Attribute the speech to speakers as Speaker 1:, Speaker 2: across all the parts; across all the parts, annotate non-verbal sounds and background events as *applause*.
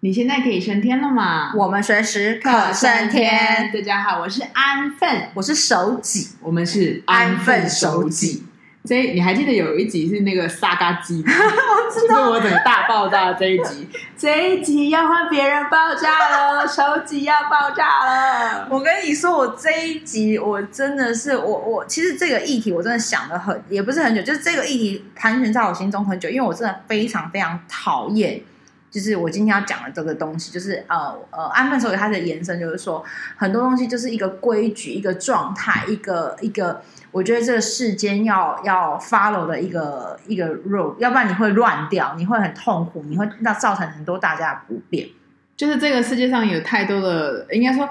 Speaker 1: 你現在可以升天了嗎？我們隨時可升天，啊升天。大家好，我是安分，我是守己，我們是安分守己、守己。所以你還記得有一集是那個沙嘎雞嗎？ *laughs* 我知道，我怎麼大爆炸這一集， *laughs* 這一集要換別人爆炸了，守 *laughs* 己要爆炸了。 *laughs* 我跟
Speaker 2: 你說，我這一集我真的是我我其實這個議題我真的想得很，也不是很久，就是這個議題盤旋在我心中很久，因為我真的非常非常討厭。就是我今天要講的這個東西，就是呃、啊、呃、啊，安分守己它的延伸，就是說很多東西就是一個規矩、一個狀態、一個一個，我覺得這個世間要要 follow 的一個一個 rule，要不然你會亂掉，你會很痛苦，你會那造成很多
Speaker 1: 大家的不便。就是這個世界上有太多的，應該說，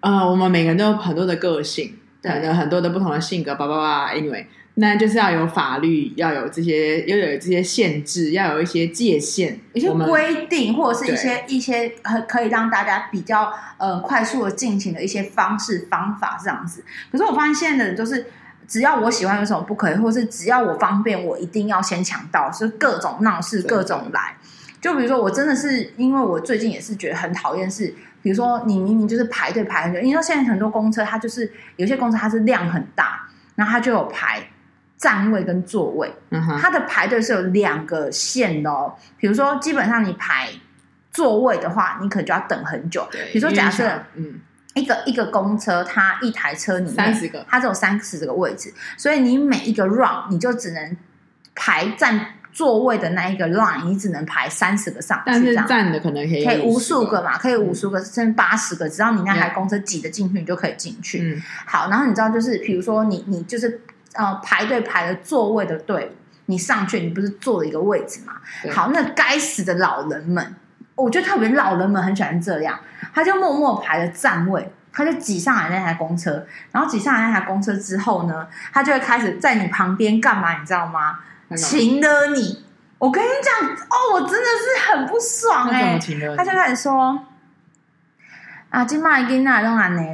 Speaker 1: 呃，我們每個人都有很多的個性，對，有很多的不同的性格，叭叭叭，Anyway。那就是要有法律，要有這些，要有這些限制，要有一些界限，一些規
Speaker 2: 定，或者是一些一些可可以讓大家比較呃快速的進行的一些方式方法這樣子。可是我發現現在的人都是，只要我喜歡有什麼不可以，或是只要我方便，我一定要先搶到，是各種鬧事，各種來。就比如說，我真的是因為我最近也是覺得很討厭，是比如說你明明就是排隊排很久，因為現在很多公車它就是有些公車它是量很大，然後它就有排。站位跟座位，它的排隊是有兩個線的哦。比如說，基本上你排座位的話，你可能就要等很久。比如說假，假設嗯，一個一個公車，它一台車裡面它只有三十個位置，所以你每一個 run 你就只能排站座位的那一個 run，你只能排三十個上去這樣。但是站的可能可以，可以無數個嘛，可以無數個，甚至八十個，只要你那台公車擠得進去，你就可以進去。嗯。好，然後你知道就是，比如說你你就是。呃，排隊排的座位的隊，你上去，你不是坐了一個位置嗎？好，那該死的老人們，我覺得特別老人們很喜歡這樣，他就默默排了站位，他就擠上來那台公車，然後擠上來那台公車之後呢，他就會開始在你旁邊幹嘛，你知道嗎？親、嗯、了你，我跟你講哦，我真的是很不爽哎、欸，他就開始說。啊，怎麼都這樣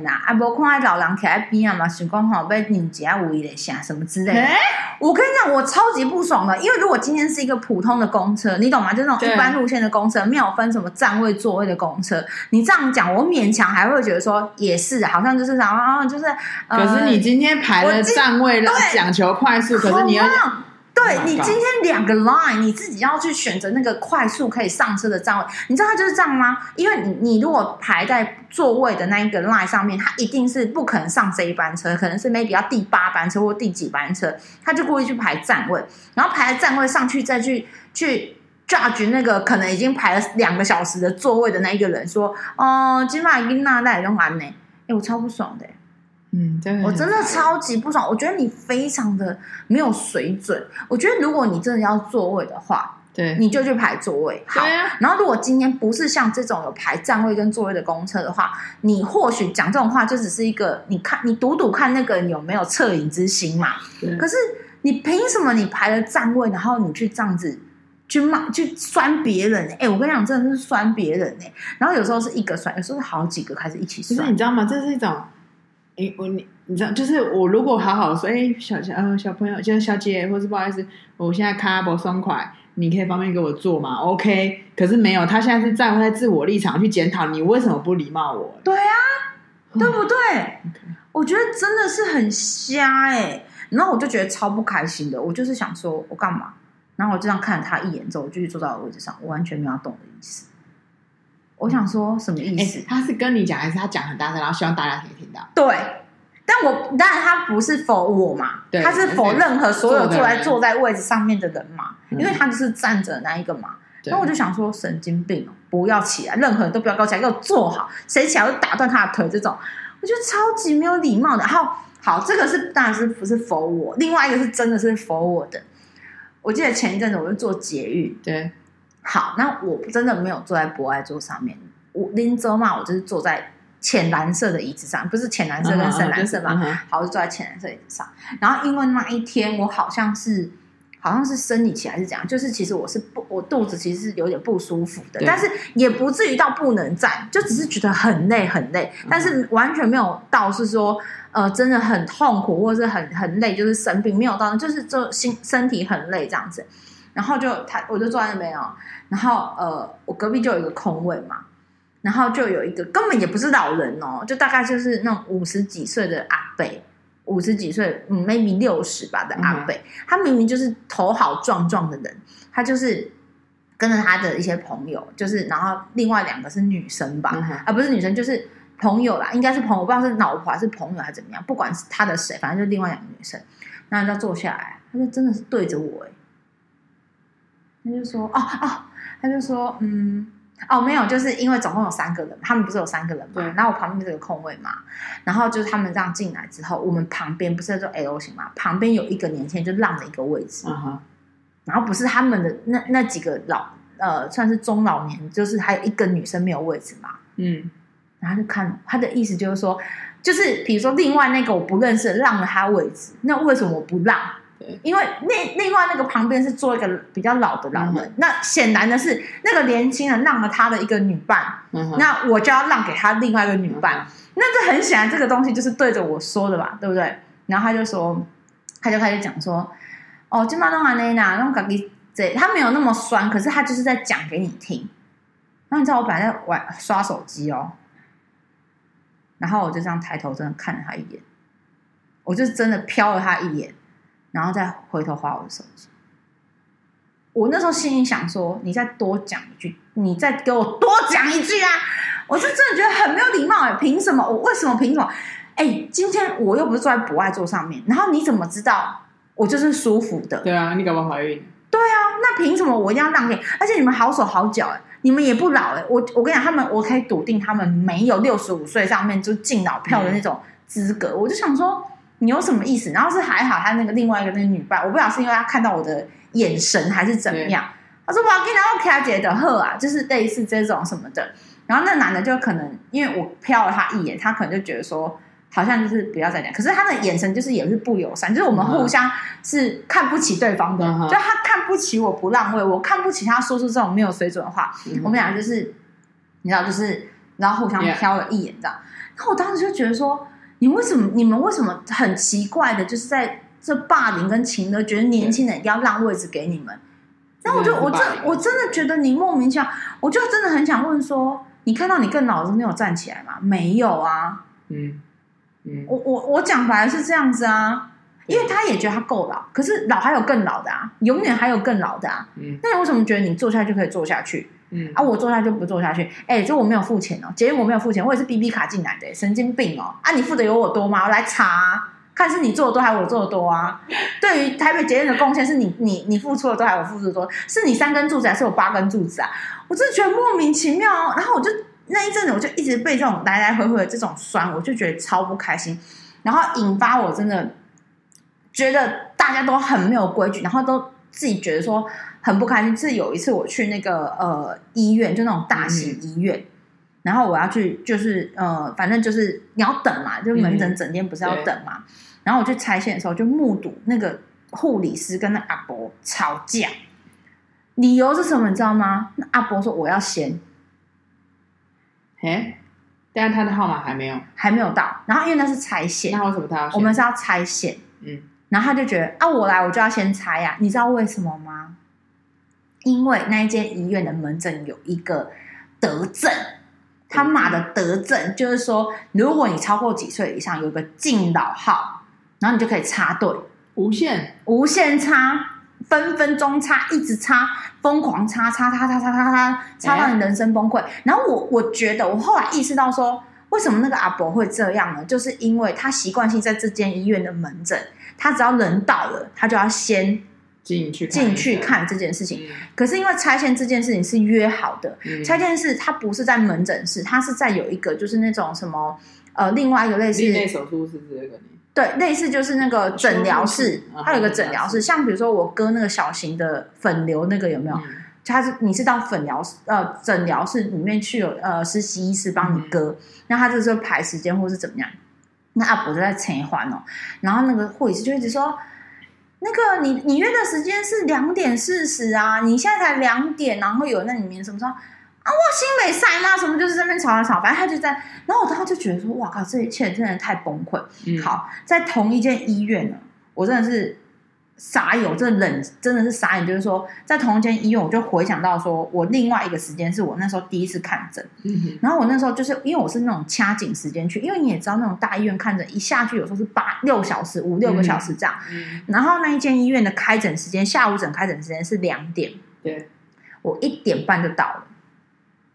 Speaker 2: 啦，啊，沒看到老人在邊嘛，想說、喔、吼要讓一下位什麼之類的、欸。我跟你講，我超級不爽的，因為如果今天是一個普通的公車，你懂嗎？就那種一般路線的公車，沒有分什麼站位座位的公車。你這樣講，我勉強還會覺得說也是，好像就是啥啊，就是、呃。可是你今天排了站位了，講求快速，可是你要讓。對、oh、你今天兩個 line，你自己要去選擇那個快速，可以上車的站位，你知道他就是這樣嗎？因為你你如果排在座位的那一個 line 上面，他一定是不可能上這一班車，可能是 maybe 要第八班車或第幾班車，他就故意去排站位，然後排在站位上去再去去 judge 那個可能已經排了兩個小時的座位的那一個人，說，哦、嗯，金髮英娜在台灣呢，哎，我超不爽的、欸。嗯，我真的超級不爽。我覺得你非常的沒有水準。我覺得如果你真的要座位的話，對，你就去排座位。好、啊、然後，如果今天不是像這種有排站位跟座位的公車的話，你或許講這種話就只是一個，你看，你讀讀看那個有沒有惻隱之心嘛。可是你憑什麼？你排了站位，然後你去這樣子去罵、去酸別人、欸？哎、欸，我跟你講，真的
Speaker 1: 是酸別人呢、欸。然後有時候是一個酸，有時候是好幾個開始一起酸。可是你知道嗎？這是一種。你我你你知道就是我如果好好說，哎、欸，小小嗯小朋友，就是小姐，或是不好意思，我現在腳不鬆快，你可以方便給我做嗎？OK，可是沒有，他現在是站在自我立場去檢討你為什麼不禮貌我？對啊，對不對？ *laughs* okay. 我覺得真的是很瞎，哎、欸，然後我就覺得超不開心的，我
Speaker 2: 就是想說我幹嘛？然後我就這樣看他一眼之後，我繼續坐在我位置上，我完全沒有要動的意思。
Speaker 1: 我想說什麼意思？欸、他是跟你講，還是他講很大聲，然後希望大家可以聽
Speaker 2: 到？對，但我當然他不是 for 我嘛，
Speaker 1: 他是 for 任何所有坐在坐，坐
Speaker 2: 在位子上面的人嘛，因為他就是站着那一個嘛。那、嗯、我就想說，神經病，不要起來，任何人都不要高起來，要坐好，誰起來就打斷他的腿，這種我覺得超級沒有禮貌的。然後，好，這個是當然是不是 for 我，另外一個是真的是 for 我的。我記得前一陣子我就坐捷運，對。好，那我真的沒有坐在博愛座上面。我拎著嘛，我就是坐在淺藍色的椅子上，不是淺藍色跟深藍色嘛、嗯嗯嗯？好，我就坐在淺藍色椅子上、嗯。然後因為那一天，我好像是好像是生理期還是怎樣？就是其實我是不，我肚子其實是有點不舒服的，但是也不至於到不能站，就只是覺得很累很累。但是完全沒有到是說，呃，真的很痛苦或是很很累，就是生病沒有到，就是就心身體很累這樣子。然後就他，我就坐在那邊哦。然後呃，我隔壁就有一個空位嘛。然後就有一個根本也不是老人哦，就大概就是那種五十幾歲的阿伯，五十幾歲、嗯，maybe 六十吧的阿伯、嗯。他明明就是頭好壯壯的人，他就是跟着他的一些朋友，就是然後另外兩個是女生吧，嗯、啊不是女生，就是朋友啦，應該是朋友，不知道是老婆還是朋友還是怎麼樣，不管是他的誰，反正就是另外兩個女生，那他坐下來，他就真的是對着我誒、欸。他就說：“哦哦，他就說，嗯，哦，沒有，就是因為總共有三個人，他們不是有三個人嘛，然、嗯、後我旁邊是個空位嘛，然後就是他們這樣進來之後，嗯、我們旁邊不是叫做 L 型嘛，旁邊有一個年輕人就讓了一個位置、嗯，然後不是他們的那那幾個老呃，算是中老年，就是還有一個女生沒有位置嘛，嗯，然後就看他的意思就是說，就是比如說另外那個我不認識，讓了他位置，那為什麼我不讓？”因為另另外那個旁邊是坐一個比較老的老人、嗯，那顯然的是那個年輕人讓了他的一個女伴、嗯，那我就要讓給他另外一個女伴，那這很顯然這個東西就是對着我說的吧，對不對？然後他就說，他就開始講說，哦，今巴東阿內娜，東嘎比這，他沒有那麼酸，可是他就是在講給你聽。然後你知道我本來在玩刷手機哦，然後我就這樣抬頭真的看了他一眼，我就真的瞟了他一眼。然後再回頭划我的手機，我那時候心裡想說：“你再多講一句，你再給我多講一句啊！”我是真的覺得很沒有禮貌哎，憑什麼？我為什麼？憑什麼？哎，今天我又不是坐在博愛座上面，然後你怎麼知道我就是舒服的？
Speaker 1: 對啊，你搞不好懷孕？
Speaker 2: 對啊，那憑什麼我一定要讓給你？而且你們好手好腳哎，你們也不老哎、欸，我我跟你講，他們我可以篤定，他們沒有六十五歲上面就進老票的那種資格。我就想說。你有什麼意思？然後是還好，他那個另外一個那個女伴，我不知道是因為他看到我的眼神還是怎麼樣，他說不要跟他聊這些的喝啊，就是類似這種什麼的。然後那男的就可能因為我瞟了他一眼，他可能就覺得說好像就是不要再講。可是他的眼神就是也是不友善，就是我們互相是看不起對方的，嗯、就他看不起我不讓位，我看不起他說出這種沒有水準的話。我們倆就是你知道，就是然後互相瞟了一眼這樣。後、嗯、我當時就覺得說。你為什麼？你們為什麼很奇怪的？就是在這霸凌跟情的，覺得年輕人一定要讓位置給你們。嗯、
Speaker 1: 那我就、嗯、我真
Speaker 2: 我真的覺得你莫名其妙。我就真的很想問說，你看到你更老的時候沒有站起來嗎？沒有啊。嗯嗯，
Speaker 1: 我
Speaker 2: 我我講出來是這樣子啊，因為他也覺得他夠老，可是老還有更老的啊，永遠還有更老的啊。嗯，那你為什麼覺得你坐下就可以坐下去？嗯啊，我坐下就不坐下去，哎、欸，就我沒有付錢哦、喔，捷運我沒有付錢，我也是 B B 卡進來的、欸，神經病哦、喔！啊，你付的有我多嗎？我來查、啊、看是你做的多還是我做的多啊？對於台北捷運的貢獻是你你你付出的多還是我付出的多？是你三根柱子還是我八根柱子啊？我真的覺得莫名其妙哦、喔。然後我就那一陣子我就一直被這種來來回回的這種酸，我就覺得超不開心，然後引發我真的覺得大家都很沒有規矩，然後都。自己覺得說很不開心。是有一次我去那個呃醫院，就那種大型醫院，嗯嗯，然後我要去就是呃，反正就是你要等嘛，就門診整，整天不是要等嘛。嗯嗯，然後我去拆線的時候，就目睹那個護理師跟那阿伯吵架，理由是什麼你知道嗎？那阿伯說我要先，哎，但是他的號碼還沒有，還沒有到。然後因為那是拆線，那為什麼他要？我們是要拆線，嗯。然後他就覺得啊，我來我就要先插呀、啊，你知道為什麼嗎？因為那一間醫院的門診有一個德政，他媽的德政就是說，如果你超過幾歲以上，有一個敬老號，然後你就可以插隊，無限無限插，分分鐘插，一直插，瘋狂插，插插插插插插，插到你人生崩潰。哎、然後我我覺得我後來意識到說，為什麼那個阿伯會這樣呢？就是因為他習慣性在這間醫院的門診。他只要人到了，他就要先進進去看，看這件事情、嗯。可是因為拆線這件事情是約好的，嗯、拆線是他不是在門診室，他是在有一個就是那種什麼呃另外一個類似內手術室、這
Speaker 1: 個、
Speaker 2: 對，類似就是那個診療室，他有個診療室、啊。像比如說我割那個小型的粉瘤那個有沒有？他、嗯、是你是到粉療室呃診療室裡面去有呃實習醫師幫你割，嗯、那他就是排時間或是怎麼樣？那阿伯就在扯謊哦，然後那個護士就一直說，那個你你約的時間是兩點四十啊，你現在才兩點，然後有那裡面什麼時候啊，我心被塞了，什麼就是這邊吵啊吵，反正他就在，然後我當時就覺得說，哇靠，這一切真的太崩潰。嗯、好，在同一間醫院呢，我真的是。傻眼，這人真的是傻眼。就是說，在同一間醫院，我就回想到說，我另外一個時間是我那時候第一次看診，嗯、然後我那時候就是因為我是那種掐緊時間去，因為你也知道那種大醫院看診一下去有時候是八六小時五六個小時這樣，嗯嗯、然後那一間醫院的開診時間下午診開診時間是兩點，對，我一點半就到了。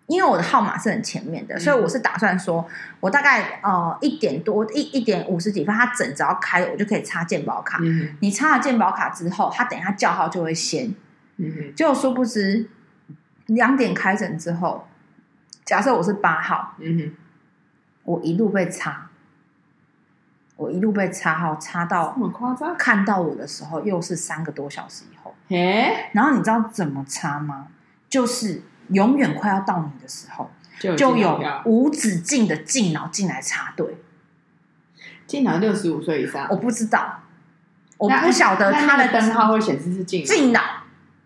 Speaker 2: 因為我的號碼是很前面的，嗯，所以我是打算說，我大概呃一點多一一點五十幾分，他診只要開我就可以插健保卡。嗯，你插了健保卡之後，他等一下叫號就會先。就，嗯，結果殊不知，兩點開診之後，假設我是八號，嗯，我一路被插，我一路被插號插到看到我的時候，又是三個多小時以後。然後你知道怎麼插嗎？就是。永遠快要到你的時候，就有,就有無止境的敬老進來插隊。敬老六十五歲以上，我不知道，我不曉得他的燈號會顯示是敬敬老，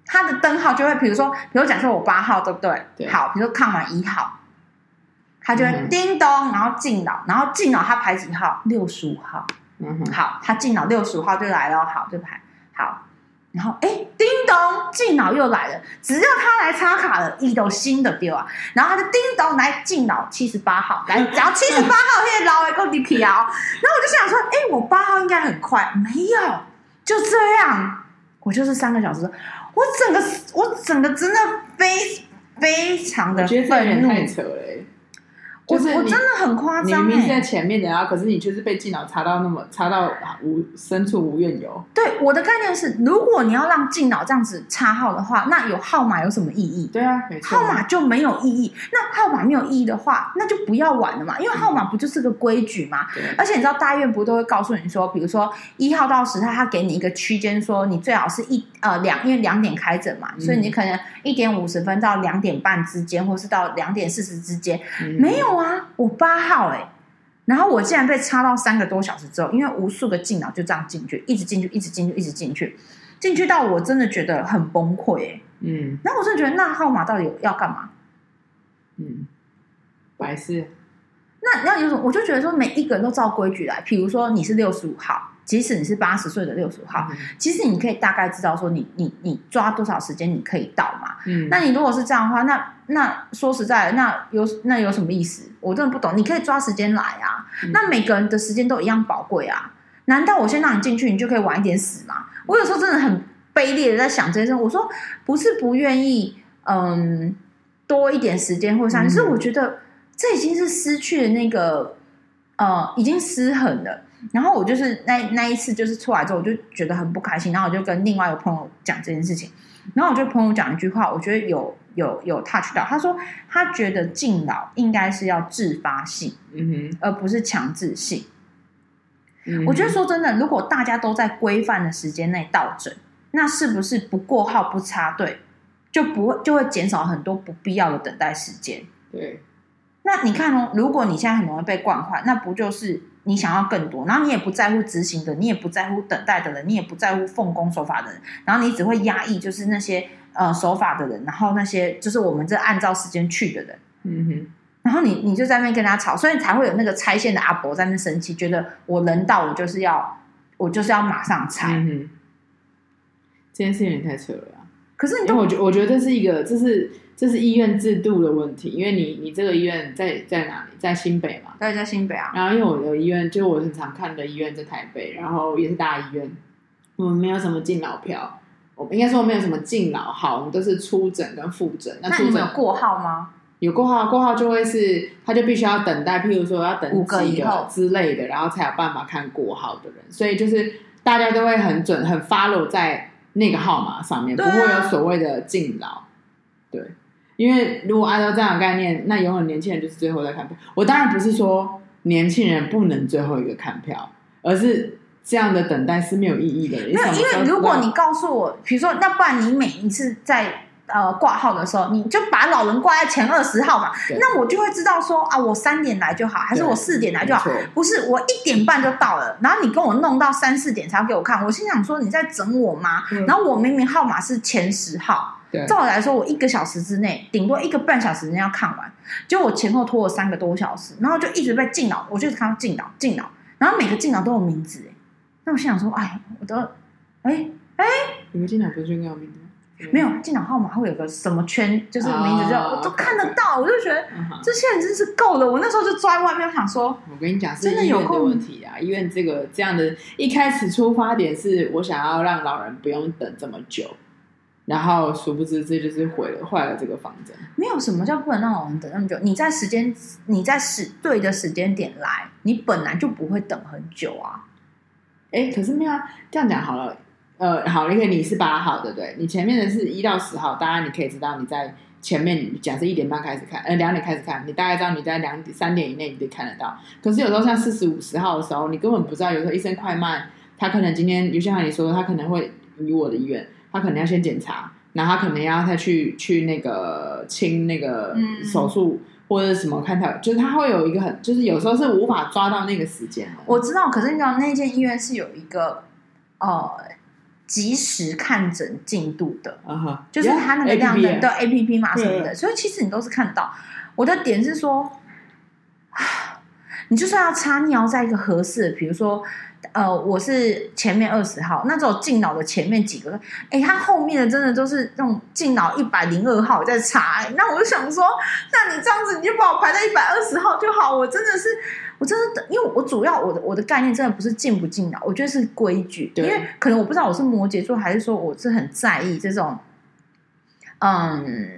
Speaker 2: 他的燈號就會，比如說，比如講說，我八號對不對？對。好，比如說看完一號，他就會叮咚，然後敬老，然後敬老他排幾號？六十五號。嗯哼。好，他敬老六十五號就來了。好，就排。好。然後，哎、欸，叮咚，敬老又來了。只要他來插卡了，一丟新的丟啊。然後他就叮咚來敬老七十八號來，然後七十八號撈 *laughs* 了老外夠皮啊。然後我就想說，哎、欸，我八號應該很快，沒有，就這樣。我就
Speaker 1: 是三個小時，我整個，我整個真的非非常的憤怒。我覺得
Speaker 2: 就是、我真的很誇張、欸，你明明是在
Speaker 1: 前面的，啊，可是你卻是被敬老插到那麼插到無深處無怨尤。
Speaker 2: 對，我的概念是，如果你要讓敬老這樣子插號的話，那有號碼有什麼意義？對啊，沒錯。號碼就沒有意義。那號碼沒有意義的話，那就不要玩了嘛，因為號碼不就是個規矩嘛、嗯。而且你知道大院不都會告訴你說，比如說一號到十號，他給你一個區間，說你最好是一呃兩，因為兩點開診嘛、嗯，所以你可能一點五十分到兩點半之間，或是到兩點四十之間、嗯，沒有。哇，我八號哎、欸，然後我竟然被插到三個多小時之後，因為無數個進腦就這樣進去，一直進去，一直進去，一直進去，進去到我真的覺得很崩潰、欸、嗯，然後我真的覺得那號碼到底要幹嘛？嗯，白事。那要有什麼？我就覺得說每一個人都照規矩來，比如說你是六十五號，即使你是八十歲的六十五號、嗯，其實你可以大概知道說你你你抓多少時間你可以到嘛。嗯，那你如果是這樣的話，那那說實在，那有那有什麼意思？我真的不懂。你可以抓時間來啊，那每個人的時間都一樣寶貴啊。難道我先讓你進去，你就可以晚一點死嗎？我有時候真的很卑劣的在想這些事。我說不是不願意，嗯、呃，多一點時間或者啥，只是我覺得這已經是失去了那個呃，已經失衡了。然後我就是那那一次就是出來之後，我就覺得很不開心。然後我就跟另外一個朋友講這件事情。然後我覺得朋友講一句話，我覺得有有有 touch 到。他說他覺得敬老應該是要自發性，嗯哼，而不是強制性。嗯哼，我覺得說真的，如果大家都在規範的時間內到診，那是不是不過號不插隊，就不會就會減少很多不必要的等待時間？
Speaker 1: 對，
Speaker 2: 那你看哦，如果你現在很容易被慣壞，那不就是？你想要更多，然後你也不在乎執行的，你也不在乎等待的人，你也不在乎奉公守法的人，然後你只會壓抑，就是那些呃守法的人，然後那些就是我們這按照時間去的人，嗯哼，然後你你就在那邊跟他吵，所以才會有那個拆線的阿伯在那生氣，覺得我人到我就是要我就是要馬上拆，嗯，這
Speaker 1: 件事情也太脆弱了，可是你我覺得我覺得這是一個這是。這是醫院制度的問題，因為你你這個醫院在在哪裡？在新北嘛？對，在新北啊。然後因為我的醫院，就我很常看的醫院在台北，然後也是大醫院，我們沒有什麼敬老票，我應該說我們沒有什麼敬老號，我們都是初診跟複診。那初診有過號嗎？有過號，過號就會是他就必須要等待，譬如說要等幾個之類的，然後才有辦法看過號的人。所以就是大家都會很準很 follow 在那個號碼上面，不會有所謂的敬老，對、啊。對因為如果按、啊、照這樣的概念，那永遠年輕人就是最後在看票。我當然不是說年輕人不能最後一個看票，而是這樣的等待是沒有意義的。那因為如果你
Speaker 2: 告訴我，比如說，那不然你每一次在呃掛號的時候，你就把老人掛在前二十號嘛，那我就會知道說啊，我三點來就好，還是我四點來就好？不是我一點半就到了，然後你跟我弄到三四點才要給我看，我心想說你在整我嗎、嗯？然後我明明號碼是前十號。對照我來說，我一個小時之內，頂多一個半小時之內要看完，結果我前後拖了三個多小時，然後就一直被進腦，我就看進腦、進腦，然後每個進腦都有名字，那我心想說，哎，我都，哎哎，你們進腦不是應該有名字？沒有，進腦號碼會有個什麼圈，就是名字就，oh, 我
Speaker 1: 都看得到，okay. 我就覺得、uh -huh. 這現在真是夠了，我那時候就抓外面，我想說，我跟你講，真的有個問題啊，因為這個這樣的一開始出發點是我想要讓老人不用等這麼久。然後，殊不知這就是毀了、壞了這個房子。
Speaker 2: 沒有什麼叫不能讓我們等那麼久。你在時間，你在時對的時間點來，你本來就不會等
Speaker 1: 很久啊。哎，可是沒有這樣講好了。呃，好，你看你是八號，對不對，你前面的是一到十號，當然你可以知道你在前面。假設一點半開始看，呃，兩點開始看，你大概知道你在兩三點以內你得看得到。可是有時候像四十五十號的時候，你根本不知道。有時候醫生快慢，他可能今天就像你說的，他可能會離我的醫院。他可能要先檢查，然後他可能要再去去那個清那個手術、嗯、或者什麼看他，就是他會有一個很，就是有時候是無法抓到那個時間。我
Speaker 2: 知道，可是你知道那間醫院是有一個
Speaker 1: 呃即時看
Speaker 2: 診進度的，uh -huh. 就是他那個量診、yeah, 的 A P P 嘛什麼的，所以其實你都是看到。我的點是說，你就算要查，你要在一個合適的，比如說。呃，我是前面二十號，那是敬老的前面幾個。哎，他後面的真的都是那種敬老一百零二號我在查。那我就想說，那你這樣子你就把我排在一百二十號就好。我真的是，我真的，因為我主要我的我的概念真的不是敬不敬老，我覺得是規矩。因為可能我不知道我是摩羯座，還是說我是很在意這種，嗯。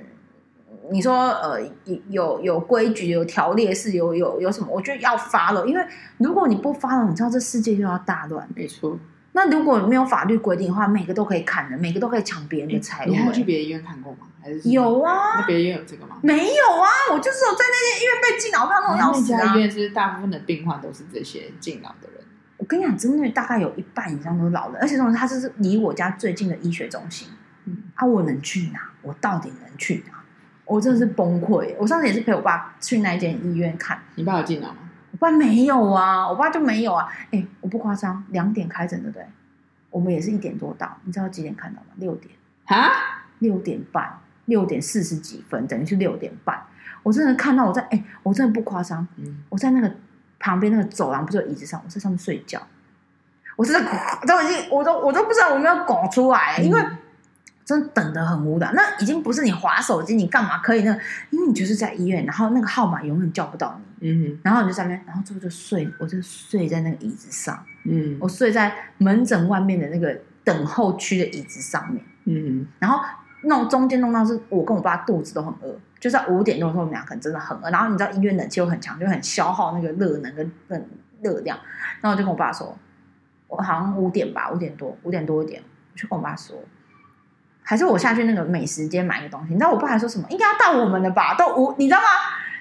Speaker 2: 你說呃，有有有規矩、有條例是，有有有什麼？我覺得要 follow，因為如果你不 follow，你知道這世界就要大亂。沒錯。那如果沒有法律規定的話，每個都可以砍人，每個
Speaker 1: 都可以搶別人的財物、欸，你還去別的醫院看過嗎？還是有啊？那別的醫院有這個嗎？沒有啊！我
Speaker 2: 就是有在那些醫院被敬老怕弄到死啊。那醫院是
Speaker 1: 大部分的病患都是這些敬老
Speaker 2: 的人。我跟你講，真的大概有一半以上都是老人，而且種時它就是離我家最近的醫學中心。嗯。啊，我能去哪？我到底能去哪？我真的是崩潰。我上次也是陪我爸去那一間醫院看，你爸有進來嗎？我爸沒有啊，我爸就沒有啊。哎、欸，我不誇張，兩點開診對不對？我們也是一點多到，你知道幾點看到嗎？六點啊，六點半，六點四十幾分，等於是六點半。我真的看到我在，哎、欸，我真的不誇張，嗯，我在那個旁邊那個走廊，不是有椅子上，我在上面睡覺，我真的我已經，我都，我都不知道我有沒有講出來，嗯、因為。真的等得很無聊，那已經不是你滑手機，你幹嘛可以那？因為你就是在醫院，然後那個號碼永遠叫不到你。嗯哼，然後你就在那邊，然後最後就睡，我就睡在那個椅子上。嗯，我睡在門診外面的那個等候區的椅子上面。嗯
Speaker 1: 哼，
Speaker 2: 然後弄中間弄到是我跟我爸肚子都很餓，就在五點鐘的時候，我們倆可能真的很餓。然後你知道醫院冷氣又很強，就很消耗那個熱能跟熱熱量。然後我就跟我爸說，我好像五點吧，五點多，五點多一點，我去跟我爸說。還是我下去那個美食街買一個東西，你知道我爸還說什麼？應該要到我們了吧？都五，你知道嗎？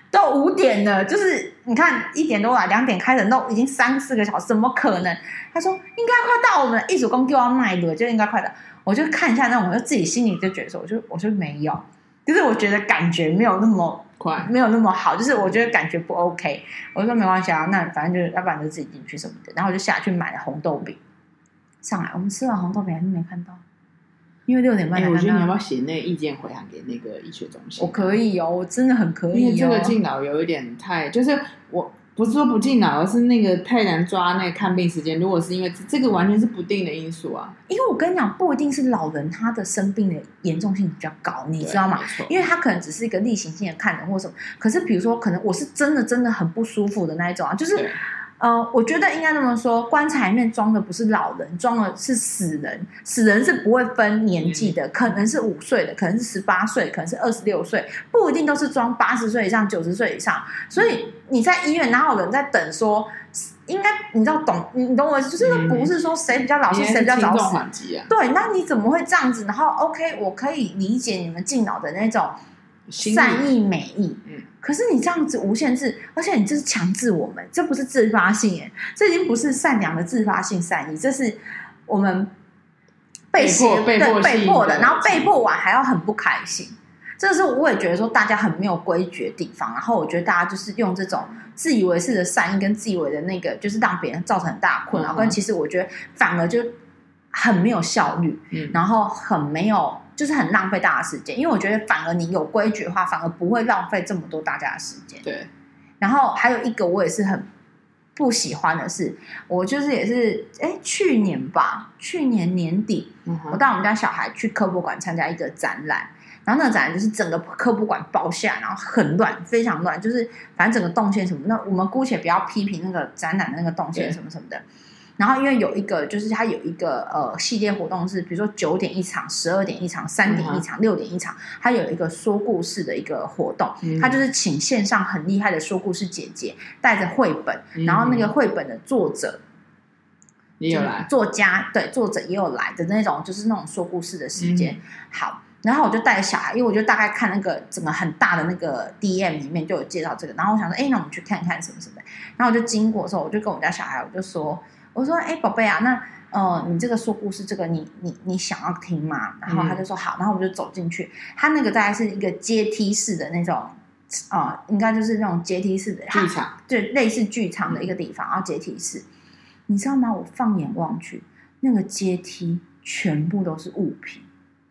Speaker 2: 都五點了，就是你看一點多了，兩點開始都已經三四個小時，怎麼可能？他說應該快到我們了，一組工就要賣了，就應該快的。我就看一下那種，我就自己心裡就覺得說，我就我說沒有，就是我覺得感覺沒有那麼快，沒有那麼好，就是我覺得感覺不 OK。我說沒關係啊，那反正就要不然就自己進去什麼的。然後我就下去買了紅豆餅，上來我們吃完紅豆餅還是沒看到。
Speaker 1: 因為六點半，哎、欸，我覺得你要不要寫那個意見回函給那個醫學中心，啊。我可以哦，我真的很可以，哦。因為這個進腦有一點太，就是我不是說不進腦，而是那個太難抓那個看病時間。如果是因為這個，完全是不定的因素啊。嗯、
Speaker 2: 因為我跟你講，不一定是老人他的生病的嚴重性比較高，嗯、你知道嗎？因為他可能只是一個例行性的看診或什麼。可是比如說，可能我是真的真的很不舒服的那一種啊，就是。呃，我覺得應該這麼說，棺材裡面裝的不是老人，裝的是死人。死人是不會分年紀的，嗯、可能是五歲的，可能是十八歲，可能是二十六歲，不一定都是裝八十歲以上、九十歲以上。所以你在醫院哪有人在等說？說、嗯、應該你知道懂，嗯、你懂我意思就是說，不是說誰比較老，是誰比較早死、嗯。對，那你怎麼會這樣子？嗯、然後 OK，我可以理解你們敬老的那種善意美意。嗯。可是你這樣子無限制，而且你這是強制我們，這不是自發性、欸，耶，這已經不是善良的自發性善意，這是我們
Speaker 1: 被脅迫、被迫，被迫、的，被迫的，然後被迫
Speaker 2: 完還要很不開心，嗯、這是我也覺得說大家很沒有規矩的地方。然後我覺得大家就是用這種自以為是的善意跟自以為的那個，就是讓別人造成很大困擾，但、嗯嗯、其實我覺得反而就很沒有效率，然後很沒有。就是很浪費大家時間，因為我覺得反而你有規矩的話，反而不會浪費這麼多大家的時間。對。然後還有一個我也是很不喜歡的是，我就是也是誒、欸，去年吧，去年年底，嗯、我帶我們家小孩去科博館參加一個展覽，然後那個展覽就是整個科博館包下，然後很亂，非常亂，就是反正整個動線什麼，那我們姑且不要批評那個展覽的那個動線什麼什麼的。然後因為有一個，就是他有一個呃系列活動是，比如說九點一場、十二點一場、三點一場、嗯啊、六點一場，他有一個說故事的一個活動，他、嗯、就是請線上很厲害的說故事姐姐帶着繪本，嗯、然後那個繪本的作者也有來，作家對作者也有來的那種，就是那種說故事的時間。嗯、好，然後我就帶着小孩，因為我就大概看那個整個很大的那個 DM 裡面就有介紹這個，然後我想說，哎，那我們去看看什麼什麼的。然後我就經過的時候，我就跟我家小孩，我就說。我說：“哎、欸，寶貝啊，那呃，你這個說故事，這個你你你想要聽嗎？”然後他就說：“好。嗯”然後我們就走進去。他那個大概是一個階梯式的那種，啊、呃，應該就是那種階梯式的劇場，對，類似劇場的一個地方、嗯，然後階梯式。你知道嗎？我放眼望去，那個階梯全部都是物品。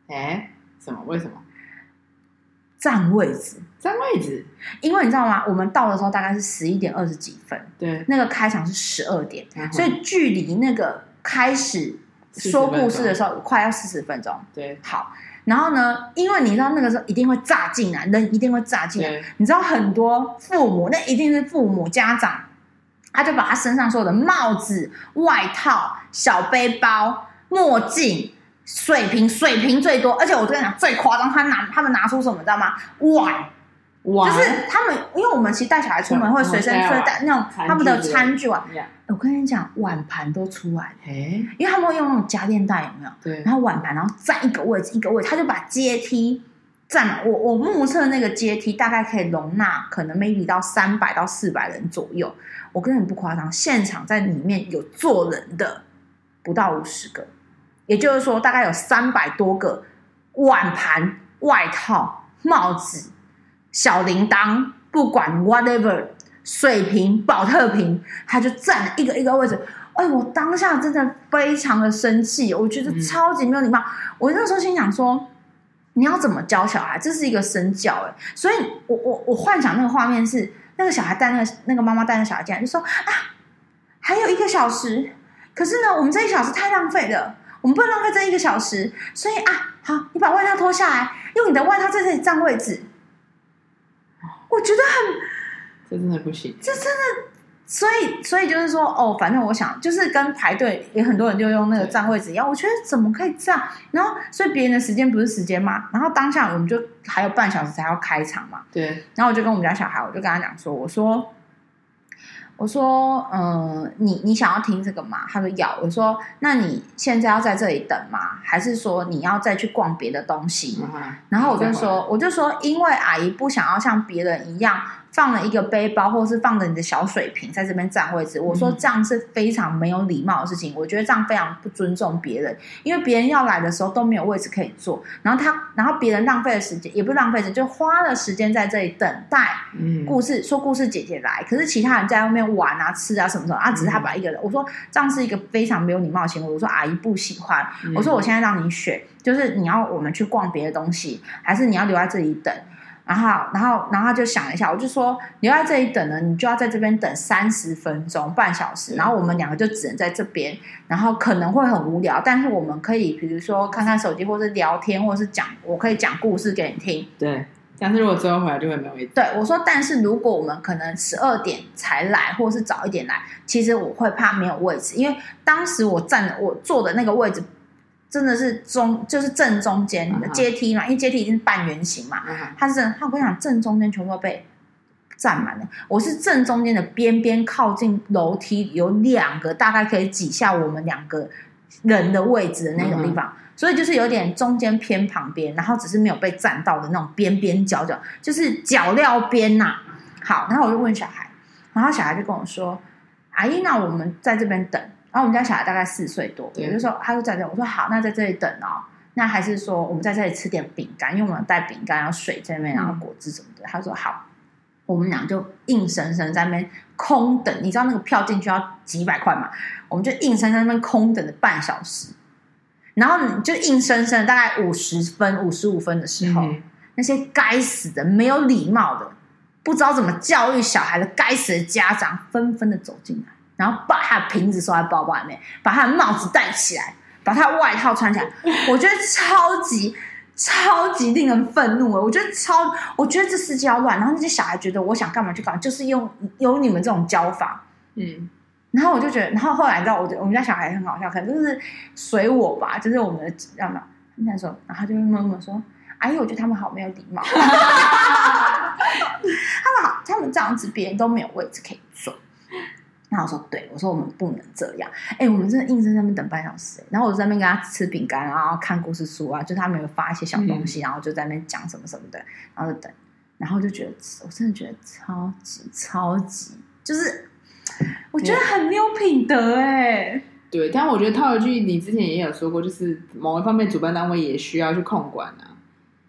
Speaker 1: 哎，什麼？為什麼？
Speaker 2: 佔位置，佔位置，因為你知道嗎？我們到的時候大概是十一點二十幾分，對，那個開場是十二點，嗯，所以距離那個開始說故事的時候快要四十分鐘，對，好，然後呢，因為你知道那個時候一定會炸進來，人一定會炸進來，你知道很多父母，那一定是父母家長，他就把他身上所有的帽子、外套、小背包、墨鏡。水瓶，水瓶最多，而且我跟你講最誇張，他拿他們拿出什麼，知道嗎？碗，碗，就是他們，因為我們其實帶小孩出門會隨身攜帶那種他們的餐具啊。我跟你講，碗盤都出來了，哎，因為他們會用那種家電袋，有沒有？對。然後碗盤，然後佔一個位置一個位置，他就把階梯佔滿。我我目測那個階梯大概可以容納可能 maybe 到三百到四百人左右。我跟你不誇張，現場在裡面有坐人的不到五十個。也就是說，大概有三百多個碗盤、外套、帽子、小鈴鐺，不管 whatever 水瓶、寶特瓶，他就佔一個一個位置。哎，我當下真的非常的生氣，我覺得超級沒有禮貌。嗯。我那時候心想說，你要怎麼教小孩？這是一個身教哎、欸。所以我我我幻想那個畫面是，那個小孩帶那個那個媽媽帶着小孩進來，就說啊，還有一個小時，可是呢，我們這一小時太浪費了。我們不能浪費這一個小時，所以啊，好，你把外套脫下來，用你的外套在這裡佔位置。我覺
Speaker 1: 得很，這真的不行，這
Speaker 2: 真的，所以所以就是說，哦，反正我想，就是跟排隊有很多人就用那個佔位置一樣，我覺得怎麼可以這樣？然後，所以別人的時間不是時間嗎？然後當下我們就還有半小時才要開場嘛，對。然後我就跟我們家小孩，我就跟他講說，我說。我說，嗯、呃，你你想要聽這個嗎？他說要。我說，那你現在要在這裡等嗎？還是說你要再去逛別的東西？嗯、然後我就說，嗯、我就說，因為阿姨不想要像別人一樣。放了一個背包，或者是放着你的小水瓶，在這邊占位置，嗯。我說這樣是非常沒有禮貌的事情，我覺得這樣非常不尊重別人，因為別人要來的時候都沒有位置可以坐。然後他，然後別人浪費了時間，也不浪費，就花了時間在這裡等待。嗯，故事說故事姐姐來，可是其他人在外面玩啊、吃啊什麼什麼啊，只是他把一個人，嗯。我說這樣是一個非常沒有禮貌的行為。我說阿姨不喜歡，嗯。我說我現在讓你選，就是你要我們去逛別的東西，還是你要留在這裡等？然後，然後，然後就想了一下，我就說，留在這裡等呢，你就要在這邊等三十分鐘、半小時。然後我們兩個就只能在這邊，然後可能會很無聊，但是我們可以，比如說看看手機，或是聊天，或是講，我可以講故事給你聽。
Speaker 1: 對，但是如果最後回來就會沒有位。對，我說，
Speaker 2: 但是如果我們可能十二點才來，或是早一點來，其實我會怕沒有位置，因為當時我站我坐的那個位置。真的是中，就是正中間的階梯嘛，uh -huh. 因為階梯已經是半圓形嘛，他、uh -huh. 是他跟我講正中間全部都被占滿了，我是正中間的邊邊靠近樓梯有兩個大概可以擠下我們兩個人的位置的那個地方，uh -huh. 所以就是有點中間偏旁邊，然後只是沒有被占到的那種邊邊角角，就是角料邊吶、啊。好，然後我就問小孩，然後小孩就跟我說：“阿、哎、姨，那我們在這邊等。”然後我們家小孩大概四歲多，嗯、也就是說，他就在這，我說好，那在這裡等哦。那還是說，我們在這裡吃點餅乾，因為我們有帶餅乾，然後水在那邊、嗯，然後果汁什麼的。他說好，我們倆就硬生生在那邊空等。你知道那個票進去要幾百塊嘛。我們就硬生生在那邊空等了半小時。然後就硬生生大概五十分、五十五分的時候、嗯，那些該死的、沒有禮貌的、不知道怎麼教育小孩的、該死的家長紛紛的走進來。然後把他的瓶子收在包包裡面，把他的帽子戴起來，把他的外套穿起來，我覺得超級 *laughs* 超級令人憤怒，我覺得超，我覺得這世界要亂。然後那些小孩覺得我想幹嘛就幹嘛，就是用用你們這種教法，嗯。然後我就覺得，然後後來知道，我覺得我們家小孩很好笑，可能就是隨我吧，就是我們的讓讓，那時候然後就默默說：“阿姨，我覺得他們好沒有禮貌， *laughs* 他們好，他們這樣子，別人都沒有位置可以坐。”那我說對，我說我們不能這樣。哎、欸，我們真的硬生生在那邊等半小時。然後我在那邊給他吃餅乾啊，然後看故事書啊，就是、他沒有發一些小東西，嗯、然後就在那邊講什麼什麼的，然後就等，然後就覺得我真的覺得超級
Speaker 1: 超級，就是我覺得很沒有品德哎。對，但我覺得套一句，你之前也有說過，就是某一方面主辦單位也需要去控管啊，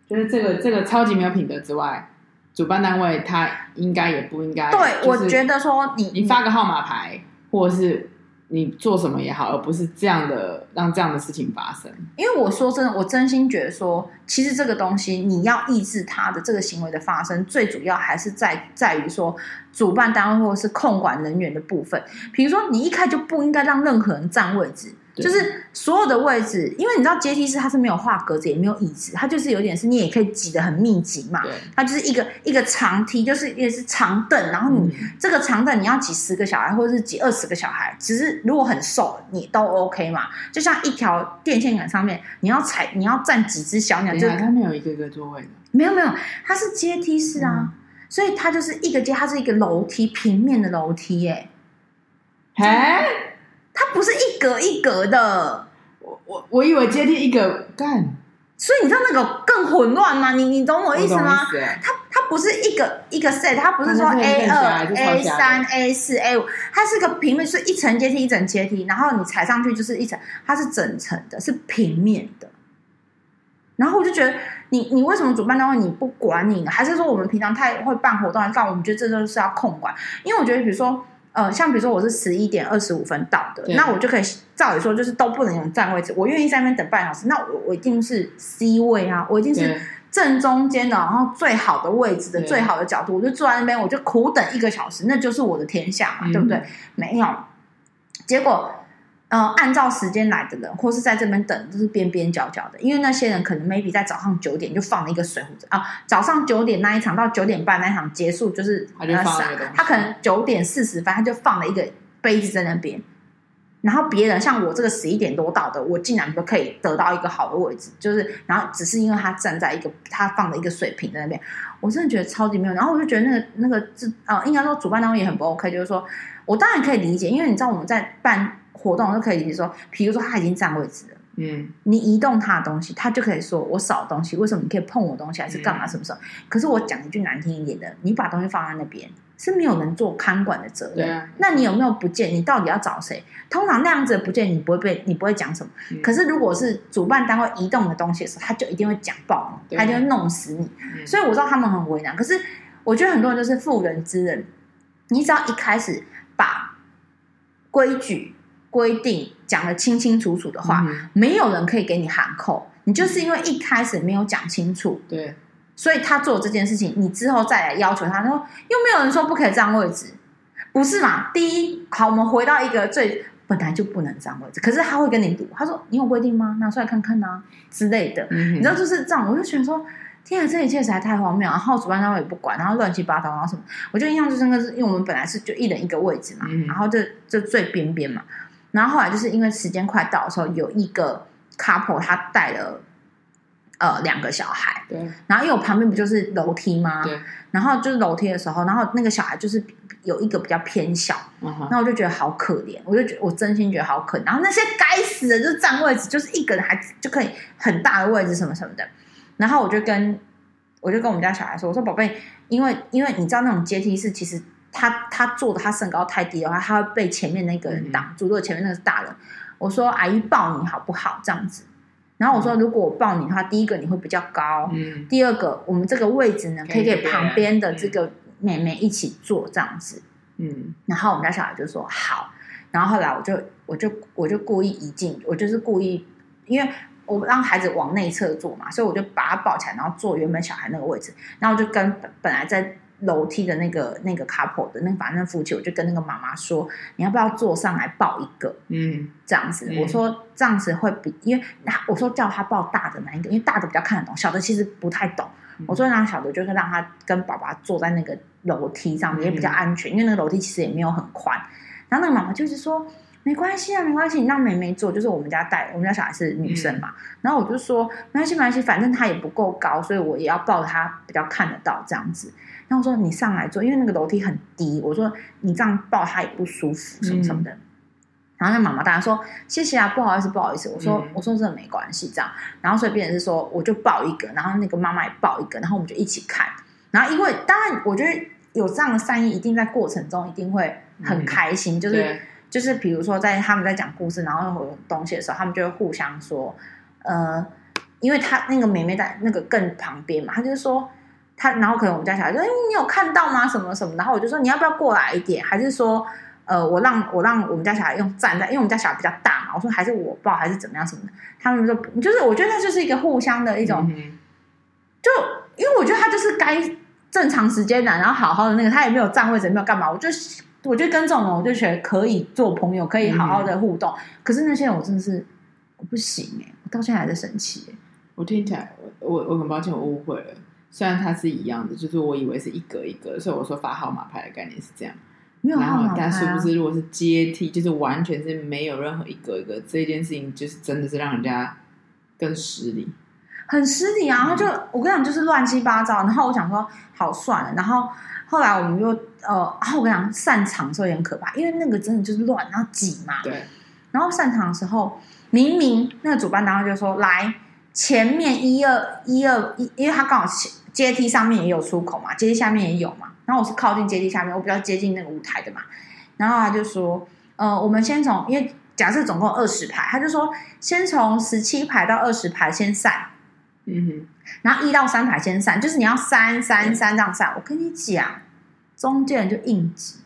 Speaker 1: 就是這個這個超級沒有品德之外。主辦單位他應該也不應該，對，我覺得說你你發個號碼牌，或者是你做什麼也好，而不是這樣的讓這樣的事情發生。
Speaker 2: 因為我說真的，我真心覺得說，其實這個東西你要抑制他的這個行為的發生，最主要還是在在於說主辦單位或者是控管人員的部分。比如說，你一開就不應該讓任何人佔位置。就是所有的位置，因為你知道階梯式它是沒有畫格子，也沒有椅子，它就是有點是你也可以擠得很密集嘛。對。它就是一個一個長梯，就是也是長凳，然後你、嗯、這個長凳你要擠十個小孩，或者是擠二十個小孩，只是如果很瘦你都 OK 嘛。就像一條電線桿上面，你要踩你要站幾
Speaker 1: 隻小鳥，就是、它沒有一個一個座位的。沒有
Speaker 2: 沒有，它是階梯式啊、嗯，所以它就是一個階，它是一個樓梯平面的樓梯耶、欸。哎。它不是一格一格的。我，我我我以為階梯一格乾，所以你知道那個更混亂嗎？你你懂我意思嗎？啊、它它不是一個一個 set，它不是說 A 二 A 三 A 四 A 五，A3, A4, A5, 它是一個平面，是一層階梯一層階梯，然後你踩上去就是一層，它是整層的，是平面的。然後我就覺得，你你為什麼主辦單位你不管你呢？還是說我們平常太會辦活動，但我們覺得這就是要控管？因為我覺得，比如說。呃，像比如說我是十一點二十五分到的，yeah. 那我就可以照理說就是都不能用佔位置，我願意在那邊等半小時，那我我一定是 C 位啊，yeah. 我一定是正中間的，然後最好的位置的、yeah. 最好的角度，我就坐在那邊，我就苦等一個小時，那就是我的天下嘛，yeah. 對不對？嗯。沒有，結果。呃，按照時間來的人，或是在這邊等，就是邊邊角角的，因為那些人可能 maybe 在早上九點就放了一個水壺子啊，早上九點那一場到九點半那一場結束，就是他可能九點四十分他就放了一個杯子在那邊，然後別人像我這個十一點多到的，我竟然都可以得到一個好的位置，就是然後只是因為他站在一個他放了一個水瓶在那邊，我真的覺得超級沒有，然後我就覺得那個那個是、呃、應該說主辦單位也很不 OK，就是說我當然可以理解，因為你知道我們在辦。活動就可以說，比如說他已經占位置了，嗯、yeah.，你移動他的東西，他就可以說我少東西，為什麼你可以碰我東西還是幹嘛？什麼時候？Yeah. 可是我講一句難聽一點的，你把東西放在那邊是沒有人做看管的責任。Yeah. 那你有沒有不見？你到底要找誰？通常那樣子的不見你不，你不會被你不會講什麼。Yeah. 可是如果是主辦單位移動的東西的時候，他就一定會講爆，他就會弄死你。Yeah. Yeah. 所以我知道他們很為難。可是我覺得很多人都是婦人之仁。你只要一開始把規矩。規定講得清清楚楚的話，嗯，沒有人可以給你喊扣，你就是因為一開始沒有講清楚，對，嗯，所以他做這件事情，你之後再來要求他，他說又沒有人說不可以佔位置，不是嘛？第一，好，我們回到一個最本來就不能佔位置，可是他會跟你賭，他說你有規定嗎？拿出來看看吶、啊、之類的、嗯，你知道就是這樣，我就覺得說，天啊，這一切實在太荒謬！然後主辦單位也不管，然後亂七八糟，然後什麼，我就印象最深刻是因為我們本來是就一人一個位置嘛，嗯、然後這這最邊邊嘛。然後後來就是因為時間快到的時候，有一個 couple 他帶了呃兩個小孩，對、yeah.。然後因為我旁邊不就是樓梯嗎？對、yeah.。然後就是樓梯的時候，然後那個小孩就是有一個比較偏小，uh-huh. 然後我就覺得好可憐，我就覺得我真心覺得好可憐。然後那些該死的就占位置，就是一個人還就可以很大的位置什麼什麼的。然後我就跟我就跟我們家小孩說：“我說寶貝，因為因為你知道那種階梯是其實。”他他坐的他身高太低的話，他會被前面那個人擋住。如、嗯、果前面那個是大人，我說阿姨抱你好不好？這樣子。然後我說、嗯、如果我抱你的話，第一個你會比較高，嗯、第二個我們這個位置呢可以，可以給旁邊的這個妹妹一起坐這樣子。
Speaker 1: 嗯，
Speaker 2: 然後我們家小孩就說好。然後後來我就我就我就故意移進，我就是故意，因為我讓孩子往內側坐嘛，所以我就把他抱起來，然後坐原本小孩那個位置。然後我就跟本來在，樓梯的那個那個 couple 的那個反正、那個、夫妻，我就跟那個媽媽說：“你要不要坐上來抱一個？”嗯，這樣子。嗯、我說這樣子會比因為他我說叫他抱大的那一個，因為大的比較看得懂，小的其實不太懂。嗯、我說讓小的，就是讓他跟爸爸坐在那個樓梯上面、嗯，也比較安全，因為那個樓梯其實也沒有很寬。然後那個媽媽就是說：“沒關係啊，沒關係，你讓妹妹坐，就是我們家帶我們家小孩是女生嘛。嗯”然後我就說：“沒關係，沒關係，反正她也不夠高，所以我也要抱她，比較看得到這樣子。”然後說你上來坐，因為那個樓梯很低。我說你這樣抱她也不舒服，什麼什麼的、嗯。然後那媽媽大家說謝謝啊，不好意思，不好意思。我說、嗯、我說這沒關係這樣。然後所以變成是說我就抱一個，然後那個媽媽也抱一個，然後我們就一起看。然後因為當然，我覺得有這樣的善意，一定在過程中一定會很開心。就、嗯、是就是，比、就是、如說在他們在講故事，然後有，有東西的時候，他們就會互相說，呃，因為他那個妹妹在那個更旁邊嘛，他就是說。他然後可能我們家小孩就說、欸：“你有看到嗎？什麼什麼？”然後我就說：“你要不要過來一點？還是說，呃，我讓我讓我們家小孩用站在，因為我們家小孩比較大嘛。我說還是我抱，不知道還是怎麼樣什麼的。”他們說：“就是我覺得那就是一個互相的一種，嗯、就因為我覺得他就是該正常時間的，然後好好的那個，他也沒有站位怎麼樣幹嘛。我就我就跟這種人，我就覺得可以做朋友，可以好好的互動。嗯、可是那些我真的是我不行哎、欸，我到現在
Speaker 1: 還在生氣。我聽起來，我我我很抱歉，我誤會了。”雖然它是一樣的，就是我以為是一格一格，所以我說發號碼牌的概念是這樣。沒有號碼牌、啊，然後，但是不是如果是階梯，就是完全是沒有任何一個一個這一件事情，就是真的是讓人家更失禮，
Speaker 2: 很失禮啊！然後就、嗯、我跟你講，就是亂七八糟。然後我想說，好算了。然後後來我們就呃，我跟你講，散場的時候有點可怕，因為那個真的就是亂，然後擠嘛。對。然後散場的時候，明明那個主辦單位就說來前面一二一二一，因為他剛好前。階梯上面也有出口嘛，階梯下面也有嘛。然後我是靠近階梯下面，我比較接近那個舞台的嘛。然後他就說：“呃，我們先從……因為假設總共二十排，他就說先從十七排到二十排先散，嗯
Speaker 1: 哼。
Speaker 2: 然後一到三排先散，就是你要三三三這樣散。我跟你講，中間人就硬擠。